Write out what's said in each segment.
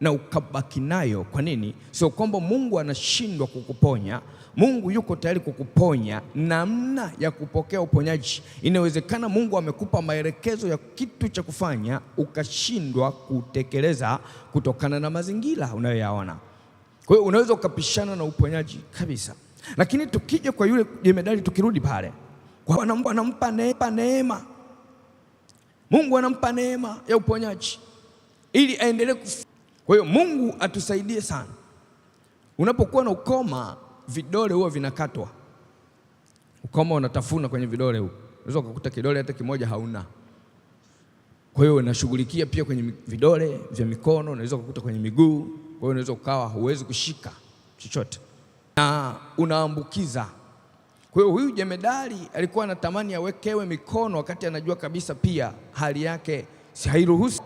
na ukabaki nayo. Kwa nini? Sio kwamba Mungu anashindwa kukuponya. Mungu yuko tayari kukuponya. Namna ya kupokea uponyaji, inawezekana Mungu amekupa maelekezo ya kitu cha kufanya ukashindwa kutekeleza kutokana na mazingira unayoyaona. Kwa hiyo unaweza ukapishana na uponyaji kabisa, lakini tukija kwa yule jemedali tukirudi pale, anampa neema, Mungu anampa neema ya uponyaji ili aendelee kwa hiyo Mungu atusaidie sana. Unapokuwa na ukoma, vidole huwa vinakatwa. Ukoma unatafuna kwenye vidole huko, unaweza ukakuta kidole hata kimoja hauna. Kwa hiyo unashughulikia pia kwenye vidole vya mikono, unaweza ukakuta kwenye miguu. Kwa hiyo unaweza ukawa huwezi kushika chochote na unaambukiza. Kwa hiyo huyu jemedari alikuwa anatamani awekewe mikono, wakati anajua kabisa pia hali yake si hairuhusu.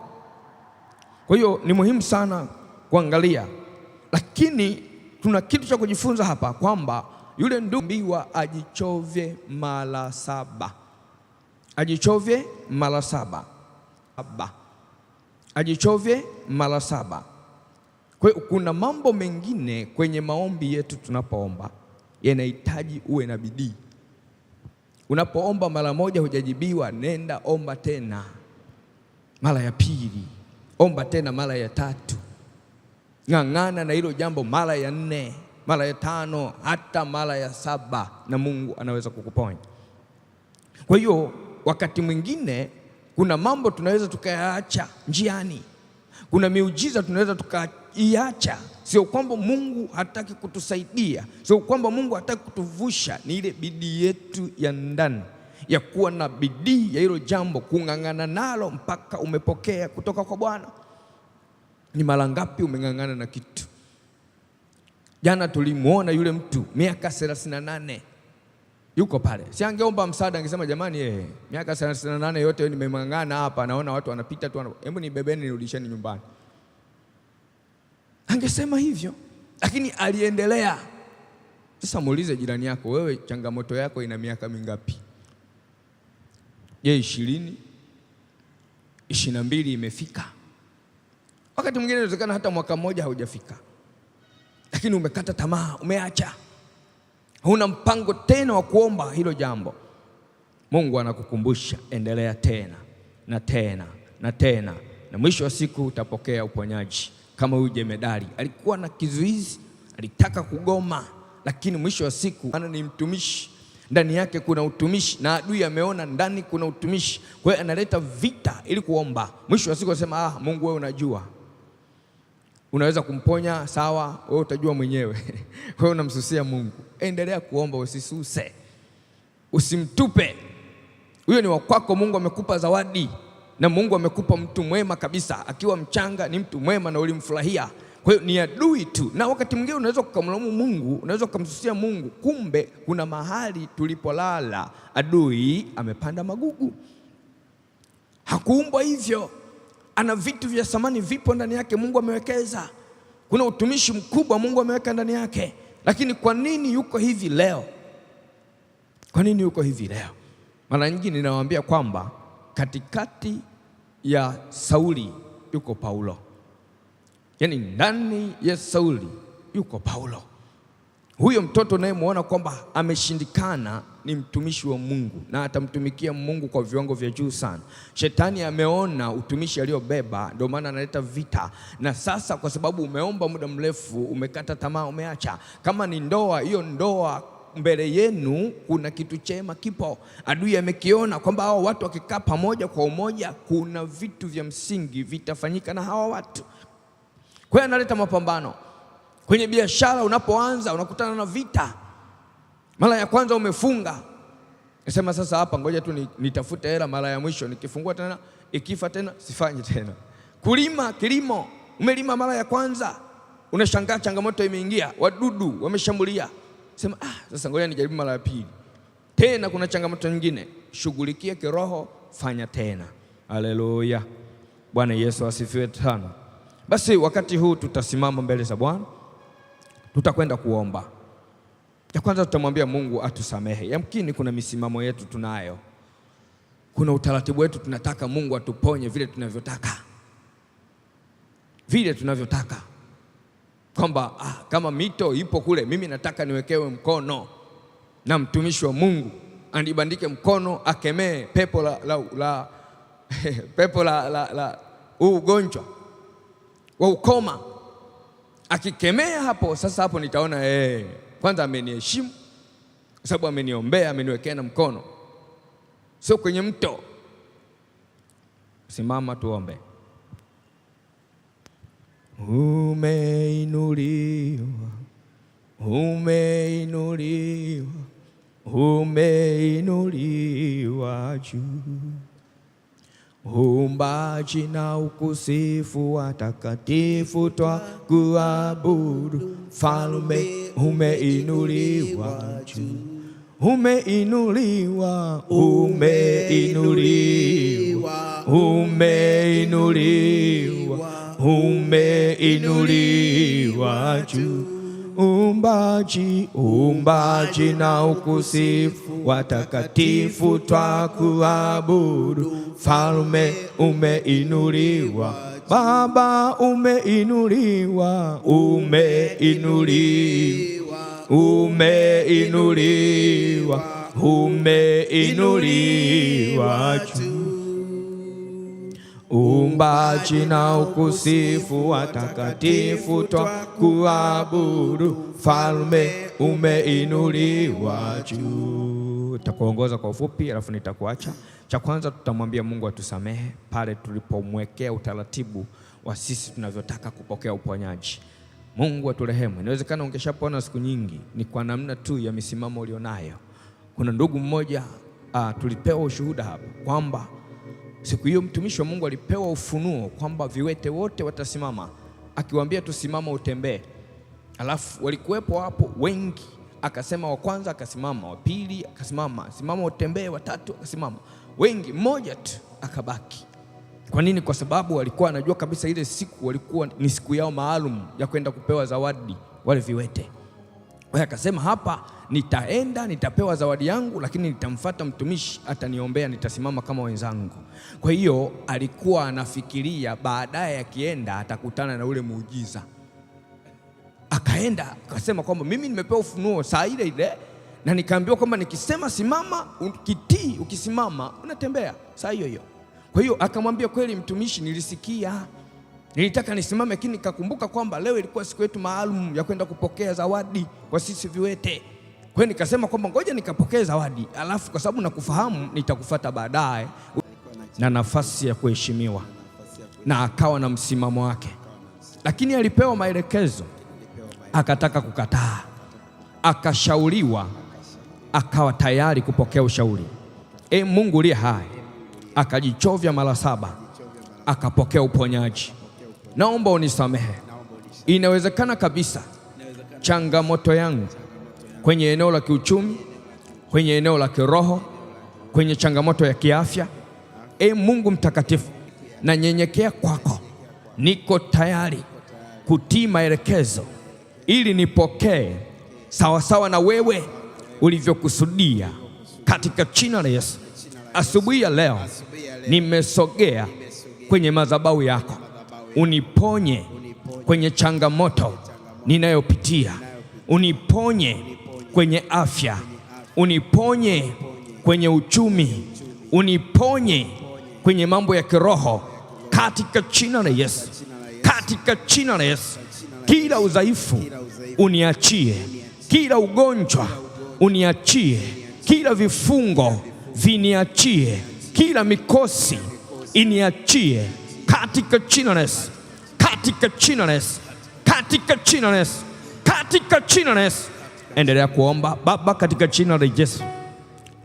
Kwa hiyo ni muhimu sana kuangalia, lakini tuna kitu cha kujifunza hapa kwamba yule ndumbiwa ajichovye mara saba, ajichovye mara saba, ajichovye mara saba. Kwa hiyo kuna mambo mengine kwenye maombi yetu tunapoomba yanahitaji uwe na bidii. Unapoomba mara moja hujajibiwa, nenda omba tena mara ya pili omba tena mara ya tatu, ng'ang'ana na hilo jambo mara ya nne, mara ya tano, hata mara ya saba, na Mungu anaweza kukuponya. Kwa hiyo wakati mwingine kuna mambo tunaweza tukayaacha njiani, kuna miujiza tunaweza tukaiacha. Sio kwamba Mungu hataki kutusaidia, sio kwamba Mungu hataki kutuvusha, ni ile bidii yetu ya ndani ya kuwa na bidii ya hilo jambo, kung'ang'ana nalo mpaka umepokea kutoka kwa Bwana. Ni mara ngapi umeng'ang'ana na kitu? Jana tulimwona yule mtu miaka 38 yuko pale, si angeomba msaada, angesema jamani, eh, miaka 38 yote nimemang'ana hapa, naona watu wanapita tu, hebu nibebeni nirudisheni nyumbani. Angesema hivyo, lakini aliendelea. Sasa muulize jirani yako, wewe changamoto yako ina miaka mingapi? Je, ishirini ishirini na mbili imefika. Wakati mwingine inawezekana hata mwaka mmoja haujafika, lakini umekata tamaa, umeacha, huna mpango tena wa kuomba hilo jambo. Mungu anakukumbusha, endelea tena na tena na tena, na mwisho wa siku utapokea uponyaji. Kama huyu jemedari alikuwa na kizuizi, alitaka kugoma, lakini mwisho wa siku ana ni mtumishi ndani yake kuna utumishi, na adui ameona ndani kuna utumishi. Kwa hiyo analeta vita ili kuomba, mwisho wa siku anasema, ah, Mungu wewe unajua unaweza kumponya sawa, wewe utajua mwenyewe. hiyo unamsusia Mungu. Endelea kuomba, usisuse, usimtupe. Huyo ni wakwako. Mungu amekupa zawadi, na Mungu amekupa mtu mwema kabisa. Akiwa mchanga ni mtu mwema na ulimfurahia. Kwa hiyo ni adui tu, na wakati mwingine unaweza ukamlaumu Mungu, unaweza ukamsusia Mungu, kumbe kuna mahali tulipolala adui amepanda magugu. Hakuumbwa hivyo, ana vitu vya thamani, vipo ndani yake, Mungu amewekeza. Kuna utumishi mkubwa Mungu ameweka ndani yake, lakini kwa nini yuko hivi leo? Kwa nini yuko hivi leo? Mara nyingi ninawaambia kwamba katikati ya Sauli yuko Paulo. Yaani ndani ya Sauli yuko Paulo, huyo mtoto unayemwona kwamba ameshindikana ni mtumishi wa Mungu na atamtumikia Mungu kwa viwango vya juu sana. Shetani ameona utumishi aliobeba ndio maana analeta vita. Na sasa kwa sababu umeomba muda mrefu, umekata tamaa, umeacha, kama ni ndoa, hiyo ndoa mbele yenu kuna kitu chema kipo. Adui amekiona kwamba hawa watu wakikaa pamoja kwa umoja, kuna vitu vya msingi vitafanyika na hawa watu. Kwa hiyo analeta mapambano kwenye biashara. Unapoanza unakutana na vita. Mara ya kwanza umefunga, nasema sasa hapa, ngoja tu nitafute hela mara ya mwisho, nikifungua tena ikifa tena sifanye tena. Kulima kilimo, umelima mara ya kwanza, unashangaa changamoto imeingia, wadudu wameshambulia, sema ah, sasa ngoja nijaribu mara ya pili tena, kuna changamoto nyingine, shughulikia kiroho, fanya tena. Haleluya, Bwana Yesu asifiwe sana. Basi wakati huu tutasimama mbele za Bwana, tutakwenda kuomba. Ya kwanza tutamwambia Mungu atusamehe. Yamkini kuna misimamo yetu tunayo, kuna utaratibu wetu, tunataka Mungu atuponye vile tunavyotaka, vile tunavyotaka kwamba ah, kama mito ipo kule, mimi nataka niwekewe mkono na mtumishi wa Mungu anibandike mkono akemee pepo la, la, la, pepo la, la, la ugonjwa wa ukoma. Akikemea hapo sasa, hapo nitaona eh, kwanza ameniheshimu kwa sababu ameniombea, ameniwekea na mkono, sio kwenye mto. Simama tuombe. Umeinuliwa, umeinuliwa, umeinuliwa juu Uumbaji na ukusifu watakatifu twakuabudu, Mfalme umeinuliwa juu Umeinuliwa, umeinuliwa, umeinuliwa, umeinuliwa juu umbaji, umbaji na ukusifu, watakatifu twakuabudu. Falme umeinuliwa, Baba umeinuliwa, umeinuliwa, umeinuliwa, umeinuliwa juu Uumbaji na ukusifu watakatifu kuaburu falme umeinuliwa juu. Takuongoza kwa ufupi, alafu nitakuacha. Cha kwanza tutamwambia Mungu atusamehe pale tulipomwekea utaratibu wa sisi tunavyotaka kupokea uponyaji. Mungu aturehemu. Inawezekana ungeshapona siku nyingi, ni kwa namna tu ya misimamo ulionayo. Kuna ndugu mmoja uh, tulipewa ushuhuda hapa kwamba Siku hiyo mtumishi wa Mungu alipewa ufunuo kwamba viwete wote watasimama, akiwaambia tusimama, utembee. Alafu walikuwepo hapo wengi, akasema wa kwanza akasimama, wa pili akasimama, simama utembee, watatu akasimama, wengi, mmoja tu akabaki. Kwa nini? Kwa sababu walikuwa anajua kabisa ile siku walikuwa ni siku yao maalum ya kwenda kupewa zawadi wale viwete. Akasema hapa nitaenda nitapewa zawadi yangu, lakini nitamfuata mtumishi ataniombea, nitasimama kama wenzangu. Kwa hiyo alikuwa anafikiria baadaye akienda atakutana na ule muujiza. Akaenda akasema kwamba mimi nimepewa ufunuo saa ile ile, na nikaambiwa kwamba nikisema simama, ukitii, ukisimama unatembea saa hiyo hiyo. Kwa hiyo akamwambia, kweli mtumishi, nilisikia Nilitaka nisimame lakini nikakumbuka kwamba leo ilikuwa siku yetu maalum ya kwenda kupokea zawadi kwa sisi viwete. Kwa hiyo nikasema kwamba ngoja nikapokee zawadi, alafu kwa sababu nakufahamu nitakufuata baadaye, na nafasi ya kuheshimiwa na akawa na msimamo wake, lakini alipewa maelekezo akataka kukataa, akashauriwa, akawa tayari kupokea ushauri. E Mungu uliye hai, akajichovya mara saba, akapokea uponyaji naomba unisamehe. Inawezekana kabisa changamoto yangu kwenye eneo la kiuchumi, kwenye eneo la kiroho, kwenye changamoto ya kiafya. E Mungu mtakatifu, nanyenyekea kwako, niko tayari kutii maelekezo ili nipokee sawasawa na wewe ulivyokusudia katika jina la Yesu. Asubuhi ya leo nimesogea kwenye madhabahu yako uniponye kwenye changamoto ninayopitia, uniponye kwenye afya, uniponye kwenye uchumi, uniponye kwenye mambo ya kiroho, katika jina la Yesu, katika jina la Yesu. Kila udhaifu uniachie, kila ugonjwa uniachie, kila vifungo viniachie, kila mikosi iniachie katika jina la Yesu, katika jina la Yesu, katika jina la Yesu, katika jina la Yesu. Endelea kuomba. Baba, katika jina la Yesu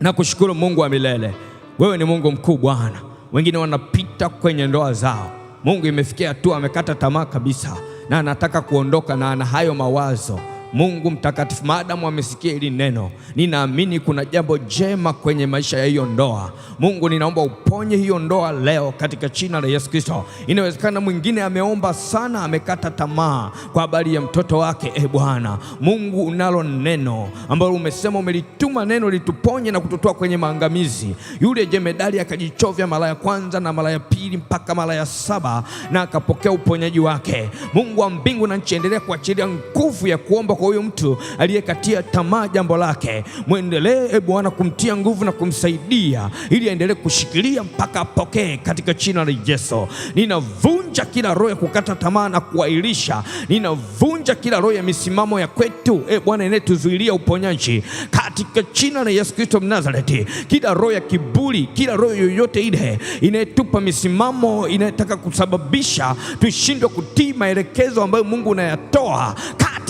na kushukuru Mungu wa milele, wewe ni Mungu mkuu Bwana. Wengine wanapita kwenye ndoa zao, Mungu imefikia hatua amekata tamaa kabisa, na anataka kuondoka na ana hayo mawazo Mungu mtakatifu, maadamu amesikia hili neno, ninaamini kuna jambo jema kwenye maisha ya hiyo ndoa. Mungu, ninaomba uponye hiyo ndoa leo katika jina la Yesu Kristo. Inawezekana mwingine ameomba sana, amekata tamaa kwa habari ya mtoto wake. E Bwana Mungu, unalo neno ambalo umesema umelituma neno lituponye na kututoa kwenye maangamizi. Yule jemedali akajichovya mara ya kwanza na mara ya pili mpaka mara ya saba na akapokea uponyaji wake. Mungu wa mbingu na nchi, endelea kuachilia nguvu ya kuomba kwa huyu mtu aliyekatia tamaa jambo lake. Mwendelee e Bwana kumtia nguvu na kumsaidia ili aendelee kushikilia mpaka apokee, katika jina la Yesu. Ninavunja kila roho ya kukata tamaa na kuahirisha, ninavunja kila roho ya misimamo ya kwetu, e Bwana, inayetuzuilia uponyaji katika jina la Yesu Kristo Mnazareti. Kila roho ya kiburi, kila roho yoyote ile inayetupa misimamo inayotaka kusababisha tushindwe kutii maelekezo ambayo Mungu unayatoa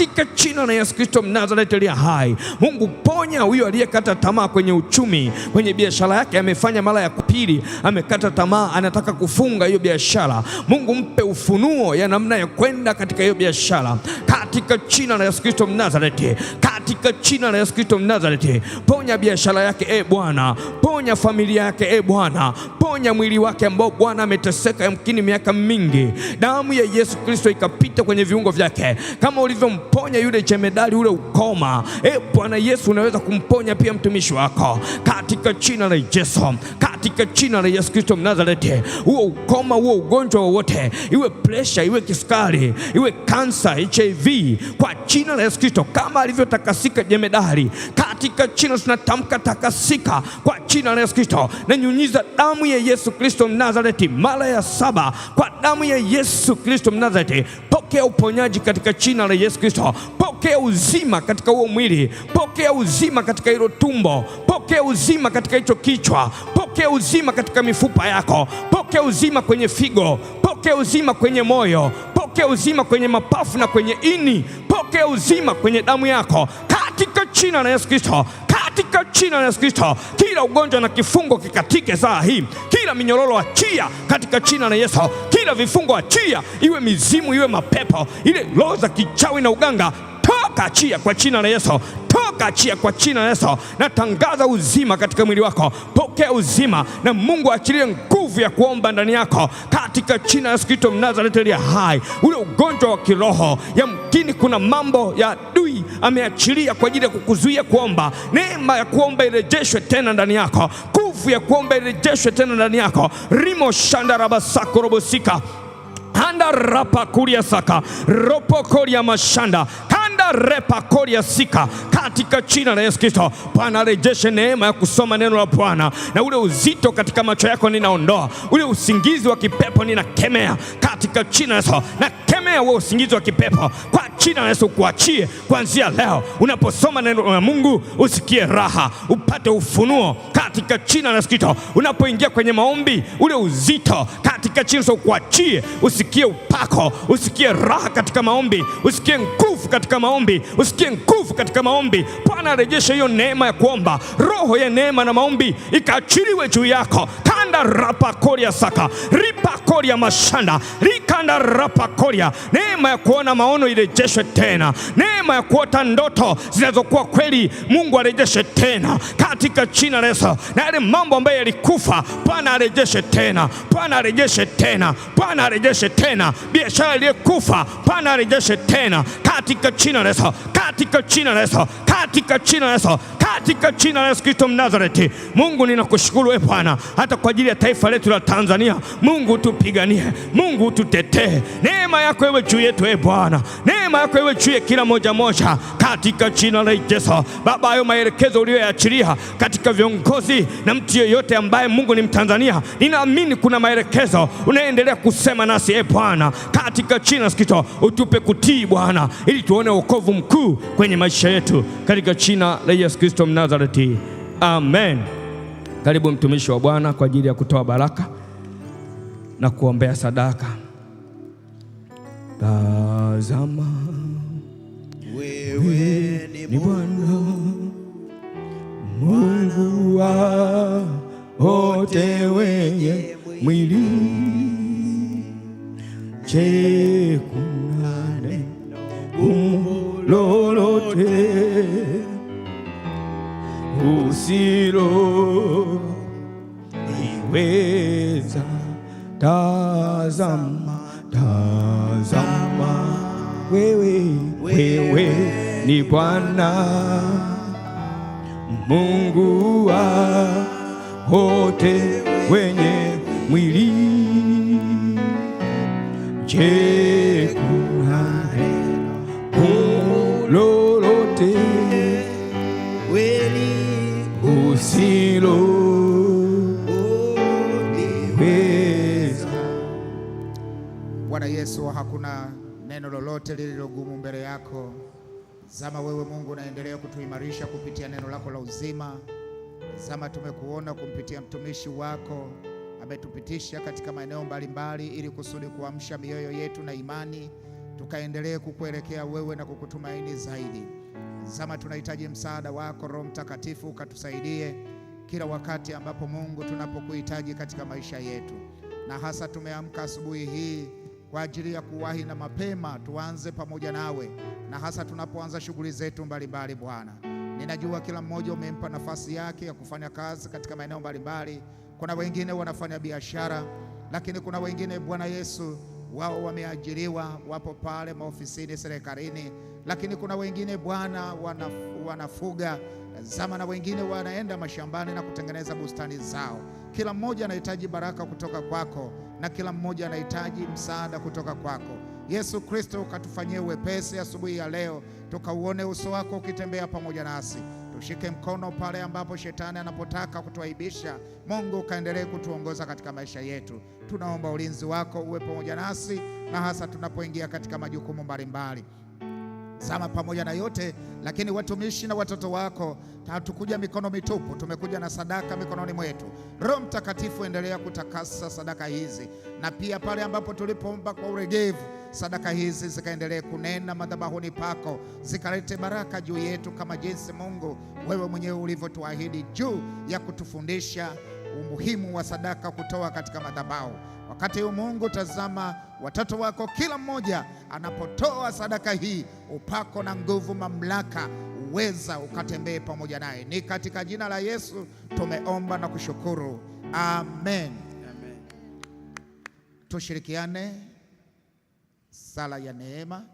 katika jina la Yesu Kristo Mnazareti aliye hai. Mungu, ponya huyo aliyekata tamaa kwenye uchumi, kwenye biashara yake, amefanya mara ya pili, amekata tamaa, anataka kufunga hiyo biashara. Mungu, mpe ufunuo ya namna ya kwenda katika hiyo biashara katika jina la Yesu Kristo Mnazareti, katika jina la Yesu Kristo Mnazareti, ponya biashara yake e Bwana, ponya familia yake e Bwana, ponya mwili wake ambao Bwana ameteseka yamkini miaka mingi, damu ya Yesu Kristo ikapita kwenye viungo vyake kama ulivyo unamponya yule jemedari ule ukoma. E Bwana Yesu, unaweza kumponya pia mtumishi wako katika jina la Yesu, katika jina la Yesu Kristo Mnazareti. Huo ukoma, huo ugonjwa wowote, iwe presha, iwe kisukari, iwe kansa, HIV, kwa jina la Yesu Kristo, kama alivyotakasika jemedari, katika jina tunatamka takasika kwa jina la Yesu Kristo, nanyunyiza damu ya Yesu Kristo Mnazareti mara ya saba, kwa damu ya Yesu Kristo Mnazareti, pokea uponyaji katika jina la Yesu Kristo, pokea uzima katika huo mwili, pokea uzima katika hilo tumbo, pokea uzima katika hicho kichwa, pokea uzima katika mifupa yako, pokea uzima kwenye figo, pokea uzima kwenye moyo, pokea uzima kwenye mapafu na kwenye ini, pokea uzima kwenye damu yako katika jina la Yesu Kristo katika jina la Yesu Kristo. Kila ugonjwa na kifungo kikatike saa hii, kila minyororo achia katika jina la Yesu, kila vifungo achia, iwe mizimu, iwe mapepo, ile roho za kichawi na uganga, toka achia kwa jina la Yesu toka achia kwa jina la Yesu. Natangaza uzima katika mwili wako, pokea uzima na Mungu aachilie nguvu ya kuomba ndani yako katika jina la Yesu Kristo Mnazareti aliye hai. Ule ugonjwa wa kiroho, yamkini kuna mambo ya dui ameachilia kwa ajili ya kukuzuia kuomba. Neema ya kuomba irejeshwe tena ndani yako, nguvu ya kuomba irejeshwe tena ndani yako. rimo shandarabasako robosika handa rapa kuria saka ropo koria mashanda repa koria sika katika jina la Yesu Kristo. Bwana arejeshe neema ya kusoma neno la Bwana, na ule uzito katika macho yako ninaondoa, ule usingizi wa kipepo ninakemea katika jina la Yesu na Unategemea wewe usingizi wa kipepo kwa jina la Yesu kuachie kuanzia leo. Unaposoma neno la Mungu usikie raha, upate ufunuo katika jina la Yesu Kristo. Unapoingia kwenye maombi ule uzito katika jina la Yesu kuachie, usikie upako, usikie raha katika maombi, usikie nguvu katika maombi, usikie nguvu katika maombi. Bwana arejeshe hiyo neema ya kuomba, roho ya neema na maombi ikaachiliwe juu yako rikanda koria saka ripa koria mashanda rikanda rapa koria Neema ya kuona maono irejeshwe tena, neema ya kuota ndoto zinazokuwa kweli Mungu arejeshe tena katika china reso na yale mambo ambayo yalikufa Bwana arejeshe tena, Bwana arejeshe tena, Bwana arejeshe tena, biashara iliyokufa Bwana arejeshe tena katika china reso katika china reso katika china reso katika china la Yesu Kristo Mnazareti. Mungu ninakushukuru e Bwana hata kwa ajili ya taifa letu la Tanzania. Mungu tupiganie, Mungu tutetee, neema yako iwe juu yetu, e Bwana, neema yako iwe juu ya kila moja moja, katika jina la Yesu. Baba, hayo maelekezo uliyoyaachilia katika viongozi na mtu yeyote ambaye Mungu ni Mtanzania, ninaamini kuna maelekezo unaendelea kusema nasi, e Bwana, katika jina sikito, utupe kutii Bwana, ili tuone wokovu mkuu kwenye maisha yetu, katika jina la Yesu Kristo Mnazareti, amen. Karibu mtumishi wa Bwana kwa ajili ya kutoa baraka na kuombea sadaka. Tazama Mungu wa wote wenye mwili. Je, kuna neno lolote usilo Bwana Yesu, hakuna neno lolote lililogumu mbele yako. Zama wewe Mungu unaendelea kutuimarisha kupitia neno lako la uzima. Zama tumekuona kumpitia mtumishi wako, ametupitisha katika maeneo mbalimbali ili kusudi kuamsha mioyo yetu na imani, tukaendelee kukuelekea wewe na kukutumaini zaidi. Zama tunahitaji msaada wako, Roho Mtakatifu, ukatusaidie kila wakati ambapo Mungu tunapokuhitaji katika maisha yetu, na hasa tumeamka asubuhi hii kwa ajili ya kuwahi na mapema tuanze pamoja nawe, na hasa tunapoanza shughuli zetu mbalimbali. Bwana, ninajua kila mmoja umempa nafasi yake ya kufanya kazi katika maeneo mbalimbali. Kuna wengine wanafanya biashara, lakini kuna wengine Bwana Yesu wao wameajiriwa, wapo pale maofisini, serikalini, lakini kuna wengine Bwana wanaf, wanafuga zama na wengine wanaenda mashambani na kutengeneza bustani zao. Kila mmoja anahitaji baraka kutoka kwako na kila mmoja anahitaji msaada kutoka kwako. Yesu Kristo, ukatufanyie uwepesi asubuhi ya leo, tukauone uso wako ukitembea pamoja nasi. Tushike mkono pale ambapo shetani anapotaka kutuaibisha. Mungu, ukaendelee kutuongoza katika maisha yetu. Tunaomba ulinzi wako uwe pamoja nasi, na hasa tunapoingia katika majukumu mbalimbali zama pamoja na yote lakini watumishi na watoto wako, hatukuja mikono mitupu, tumekuja na sadaka mikononi mwetu. Roho Mtakatifu, endelea kutakasa sadaka hizi, na pia pale ambapo tulipoomba kwa uregevu, sadaka hizi zikaendelee kunena madhabahuni pako, zikalete baraka juu yetu, kama jinsi Mungu wewe mwenyewe ulivyotuahidi juu ya kutufundisha umuhimu wa sadaka kutoa katika madhabahu. Wakati huu Mungu, tazama watoto wako, kila mmoja anapotoa sadaka hii, upako na nguvu, mamlaka, uweza ukatembee pamoja naye. Ni katika jina la Yesu tumeomba na kushukuru, amen, amen. Tushirikiane sala ya neema.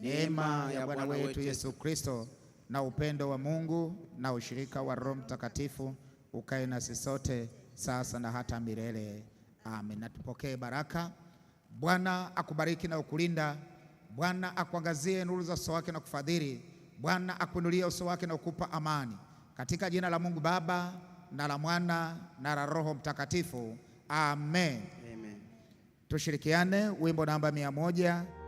Neema ya Bwana wetu Yesu Kristo na upendo wa Mungu na ushirika wa Roho Mtakatifu ukae nasi sote sasa na hata milele. Amen. Na tupokee baraka. Bwana akubariki na ukulinda. Bwana akuangazie nuru za uso wake na kufadhili. Bwana akuinulie uso wake na kukupa amani. Katika jina la Mungu Baba na la Mwana na la Roho Mtakatifu. Amen. Amen. Tushirikiane wimbo namba mia moja.